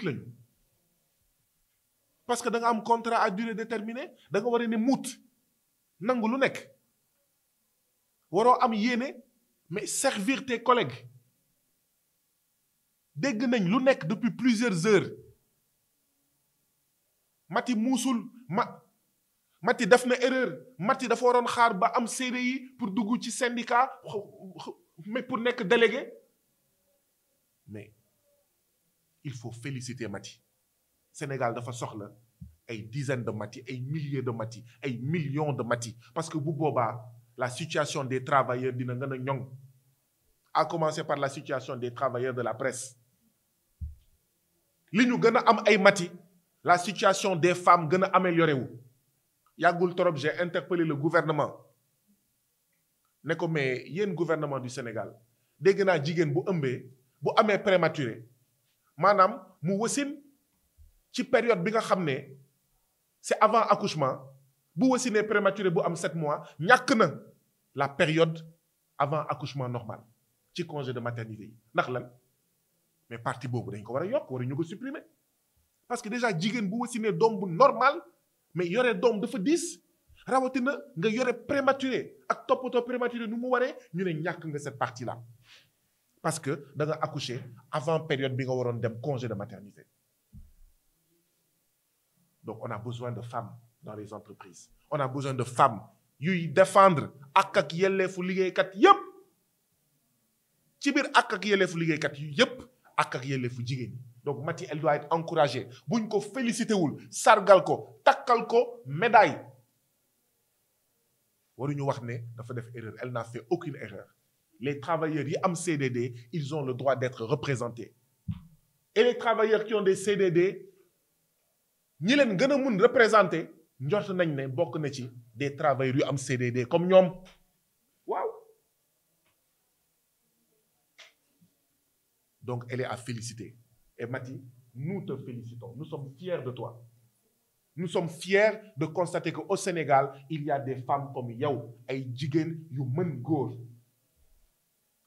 nit parce que da nga am contrat à durée déterminée da nga war a ne muut nangu lu nekk waroo am yéene mais servir tes collègues dégg nañ lu nekk depuis plusieurs heures Mati muusul ma Mati def na erreur Mati dafa waroon xaar ba am CDI pour dugg ci syndicat mais pour nekk délégué mais il faut féliciter Mati Sénégal dafa a ay dizaines de Mati ay milliers de Mati ay millions de Mati parce que la situation des travailleurs a commencé par la situation des travailleurs de la presse li la situation des femmes améliorer amélioré j'ai interpellé le gouvernement il y a un gouvernement du Sénégal dès que vous bu un prématuré manam mu wasin ci période bi nga xamné c'est avant accouchement bu wasinee prématuré bu am 7 mois ñak na la période avant accouchement normal ci congé de maternité ndax lan mais partie bobu dañ ko wara a wara ñu ko supprimer parce que déjà jigéen bu wasinee doom bu normal mais yoré doom dafa diis rawatina nga yoré prématuré ak topoto prématuré nu mu waré ñu ne ñàkk nga cette partie là parce que da nga accoucher avant période bi nga waroon dem congé de maternité donc on a besoin de femmes dans les entreprises on a besoin de femmes yuy défendre ak ak yelleefu liggéeykat yépp ci biir ak ak yelleefu liggéeykat yu yépp ak ak yelleefu jigéen donc Mati, elle doit être encouragée buñ ko félicité wul sargal ko takkal ko médaille waruñu wax ne dafa def erreur elle n'a fait aucune erreur les travailleurs qui ont CDD, ils ont le droit d'être représentés. Et les travailleurs qui ont des CDD, ils leen gën représenter représentés. des travailleurs CDD comme nous Wow. donc elle est à féliciter et dit, nous te félicitons nous sommes fiers de toi nous sommes fiers de constater qu'au Sénégal il y a des femmes comme Yao et Jigen, yu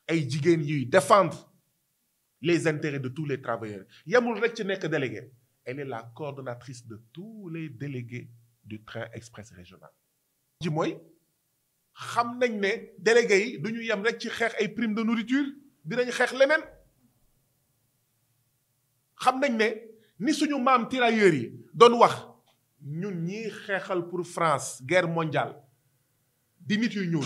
ay jigéen yuy défendre les intérêts de tous les travailleurs yemul rek ci nekk délégué elle est la coordonnatrice de tous les délégués du train express régional di mooy xam nañ ne délégués yi duñu yam rek ci xeex ay prime de nourriture dinañ xeex leneen xam nañ ne ni suñu maam tirailleurs yi doon wax ñun ñi xeexal pour France guerre mondiale di nit yu ñuul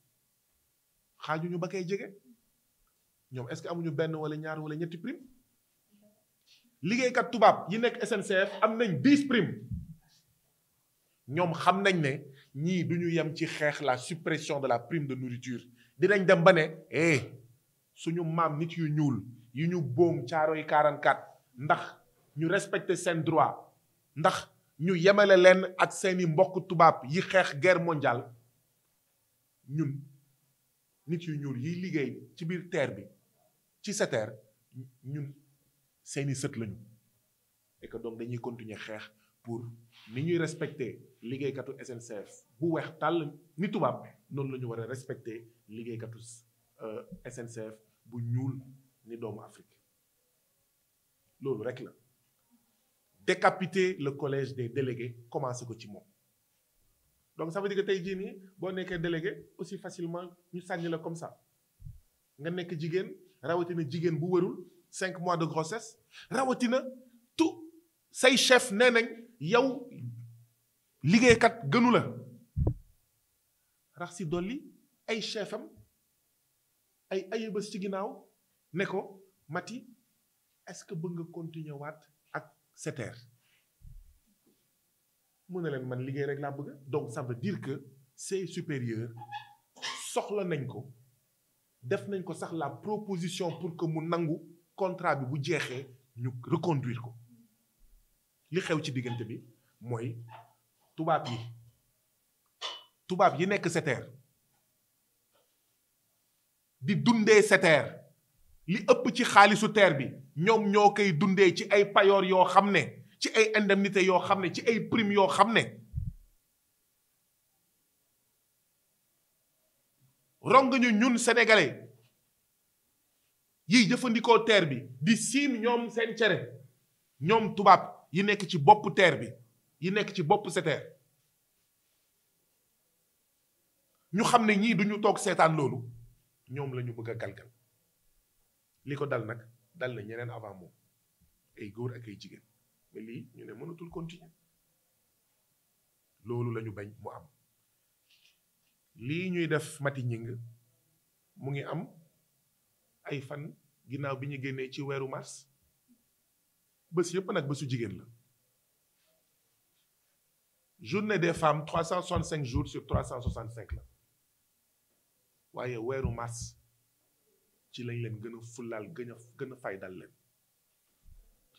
xaajuñu ba koy jege ñoom est-ce que amuñu benn wala ñaar wala ñetti prime liggéeykat tubaab yi nekk SNCF am nañ dix prime ñoom xam nañ ne ñii duñu yem ci xeex la suppression de la prime de nourriture dinañ dem ba ne eh, suñu maam nit yu ñuul yu ñu boom caaro yi 44 ndax ñu respecter seen droit ndax ñu yemale leen ak seeni mbokk tubaab yi xeex guerre mondiale ñun nit yu ñuul yiy liggéey ci biir terre bi ci terre ñun seeni sët lañu et que donc dañuy continuer xeex pour ni ñuy respecter liggéeykatu SNCF bu weex tàll ni tubaab noonu la ñu war a respecter liggéeykatu euh, SNCF bu ñuul ni doomu Afrique loolu rek la décapiter le collège des délégués commencé ko ci moom donc ça veut dire que tey jii nii boo nekkee délégué aussi facilement ñu sànni comme ça nga nekk jigéen rawatina jigéen bu wërul 5 mois de grossesse rawatina tout say chef nee nañ yow liggéeykat gënu la rax si Dolly, ay chef un ay ayubés ci ginnaaw ne Mati est-ce que tu veux continuer waat ak SETER mu ne leen man liggéey rek laa bëgg donc ça veut dire que ces supérieurs soxla nañ ko def nañ ko sax la proposition pour que mu nangu contrat bi bu jeexee ñu reconduire ko li xew ci diggante bi mooy tubaab yi tubaab yi nekk SETER di dundee SETER li ëpp ci xaalisu TER bi ñoom ñoo koy dundee ci ay payoor yoo xam ne ci ay indemnité yoo xam ne ci ay prime yoo xam ne rong ñu ñun sénégalais yiy jëfandikoo teer bi di siin ñoom seen cere ñoom tubaab yi nekk ci bopp terre bi yi nekk ci bopp SETER ñu xam ne ñii duñu toog seetaan loolu ñoom lañu ñu bëgg a galgal li ko dal nag dal na ñeneen avant moom ay góor ak ay jigéen mais lii ñu ne mënatul continuer loolu lañu bañ mu am lii ñuy def Mati Ñing mu ngi am ay fan ginnaaw bi ñu génnee ci weeru mars bés yëpp nag bésu jigéen la journée des femmes trois cent soixante cinq jours sur trois cent soixante cinq la waaye weeru mars ci lañ leen gën a fullaal gën a gën a faydal leen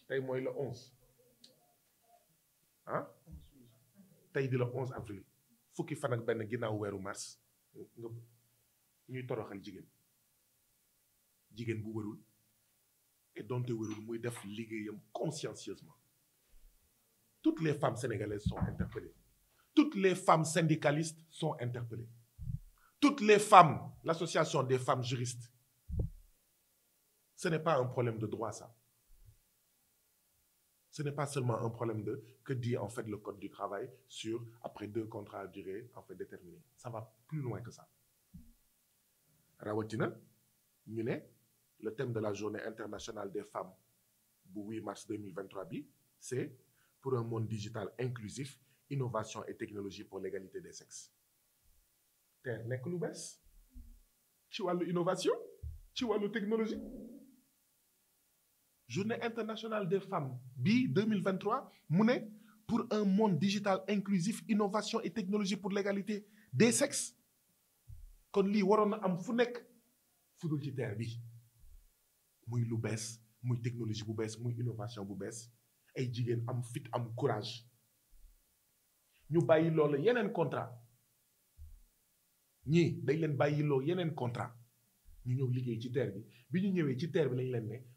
tey mooy le onze ah tey di la 11 avril fukki fan ak benn ginnaaw weeru mars nga ñuy toroxal jigéen jigéen bu wërul et donte wërul muy def liggéeyam consciencieusement toutes les femmes sénégalaises sont interpellées toutes les femmes syndicalistes sont interpellées toutes les femmes l'association des femmes juristes ce n'est pas un problème de droit ça ce n'est pas seulement un problème de que dit en fait le code du travail sur après deux contrats à durée en fait déterminée. Ça va plus loin que ça. rawatina Mune, le thème de la journée internationale des femmes du mars 2023 c'est pour un monde digital inclusif innovation et technologie pour l'égalité des sexes. Terre, nekk lu Tu ci l'innovation Tu vois technologie journée internationale des femmes bi 2023 mu pour un monde digital inclusif innovation et technologie pour l'égalité des sexes kon li warona am fu nekk fudul ci terre bi muy lu bees muy technologie bu bees muy innovation bu bees ay jigen am fit am courage ñu bàyyi loolu yeneen contrat ñii dañ leen bàyyiloo yenen contrat ñu ñëw liggéey ci terre bi bi ñu ñëwee ci terre bi lañ leen ne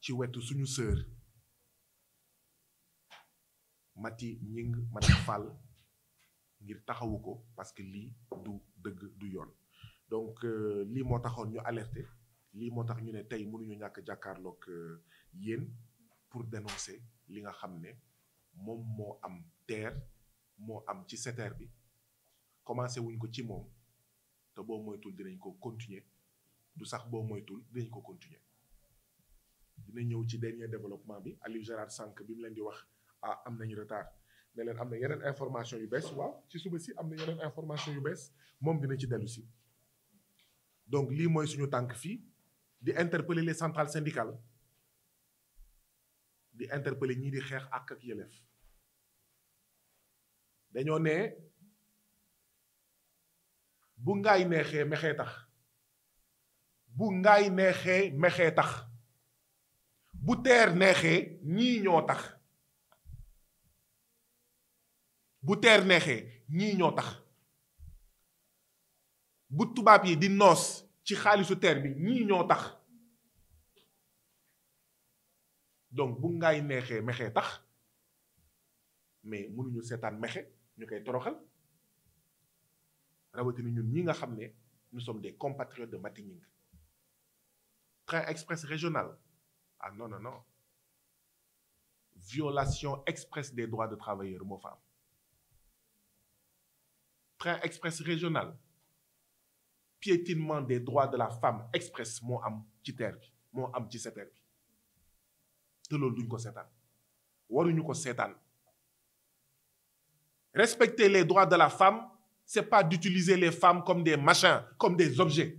ci wetu suñu sœur Mati Ñing matafal Fall ngir taxawuko parce que li du du donc euh, li mo taxone ñu alerter li mo tax ñu ne tey mënuñu euh, pour dénoncer li nga xamné mom am terre mo am ci bi commencé wuñ ko ci te ko continuer du sax dina ñëw ci dernier développement bi Aliou Gérard Sànq bi mu leen di wax ah am nañu retard ne leen am na yeneen information yu bees waaw ci suba si am na yeneen information yu bees moom dina ci dellu si donc lii mooy suñu tànk fii di interpeller les centrales syndicales di interpeller ñii di xeex ak ak yelef dañoo nee bu ngaay neexee mexee tax bu ngaay neexee mexee tax bu terre nexé tax bu nexé tax bu yi di ci bi tax donc bu ngaay nexé mexé tax mais mënuñu seetaan ñu koy toroxal ñun nous sommes des compatriotes de Matining train express régional ah non, non, non. Violation expresse des droits de travailleurs, mon femme. Très Train express régional. Piétinement des droits de la femme express mon am Respecter les droits de la femme, c'est pas d'utiliser les femmes comme des machins, comme des objets.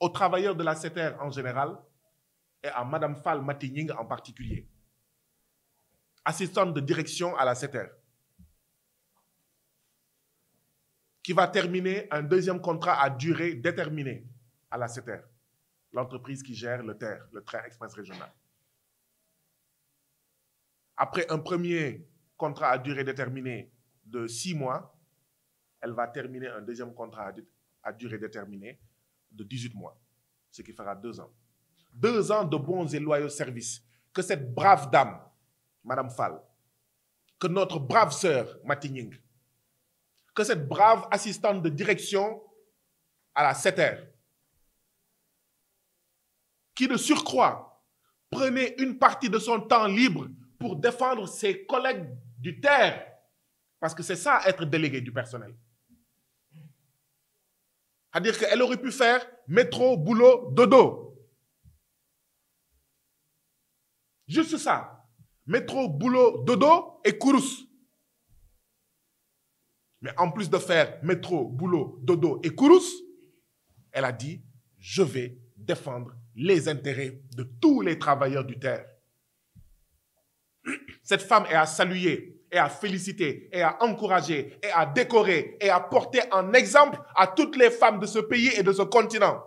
aux travailleurs de la CETER en général et à Mme Fall Matining en particulier, assistante de direction à la CETER, qui va terminer un deuxième contrat à durée déterminée à la CETER, l'entreprise qui gère le TER, le train express régional. Après un premier contrat à durée déterminée de six mois, elle va terminer un deuxième contrat à durée déterminée de 18 mois, ce qui fera deux ans. Deux ans de bons et loyaux services. Que cette brave dame, Madame Fall, que notre brave sœur, Matining, que cette brave assistante de direction à la 7R, qui de surcroît prenait une partie de son temps libre pour défendre ses collègues du terre, parce que c'est ça être délégué du personnel. C'est-à-dire qu'elle aurait pu faire métro, boulot, dodo. Juste ça. Métro, boulot, dodo et course. Mais en plus de faire métro, boulot, dodo et course, elle a dit, je vais défendre les intérêts de tous les travailleurs du terre. Cette femme est à saluer et à féliciter et à encourager et à décorer et à porter un exemple à toutes les femmes de ce pays et de ce continent.